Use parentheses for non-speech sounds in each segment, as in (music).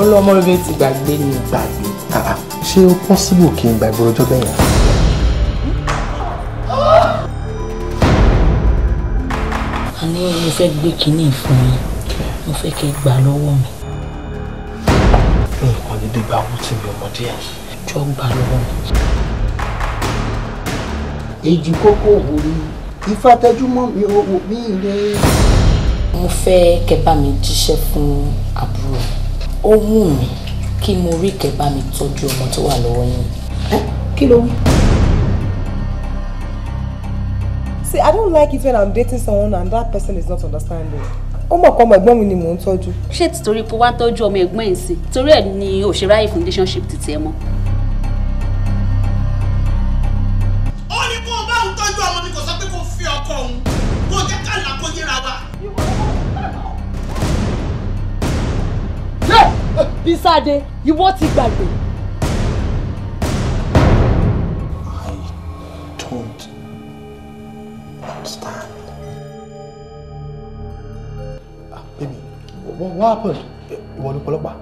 ọlọ́mọdé ti gbàgbé ni. gbàgbé ah, ah. ṣé ó pọ́sibù kí n gbàgbé ọjọ́ bẹ́ẹ̀ yẹn. a ní mo fẹ́ gbé kinní fún mi mo fẹ́ kẹ́ gbà lọ́wọ́ mi. nǹkan dídé gba owó tí mi ọmọdé ẹ̀ jọ gbà lọ́wọ́ mi. èjì kókó wo ni ifá tẹjúmọ́ mi ò wò mí ire. mo fẹ́ kẹ́ bá mi jíṣẹ́ fún àbúrò mi ó wù mí kí mo rí kẹ́ bá mi tọ́jú ọmọ tó wà lọ́wọ́ yín. kí ló wí. See, I don't like it when I'm dating someone and that person is not understanding. Ó mọ̀ kọ́ ọmọ ẹ̀gbọ́n mi ni mò ń tọ́jú. Ṣé títorí pé wá tọ́jú ọmọ ẹ̀gbọ́n ẹ̀ sí? Torí ẹ̀ ni ò ṣe ráyè fún relationship títí mọ́. Ó ní kó o bá òun tọ́jú ọmọ mi kò sọ pé kó fi ọkọ òun. Kó o jẹ́ ká là kó yíra wa. Bísádé, (laughs) ìwọ ti gbàgbé. I don't understand. Ah, baby, what, what happened? Eh, ìwọ ni ọlọ́pàá.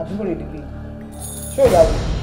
Àbúrò rẹ̀ dìde. Ṣé ìyàwó?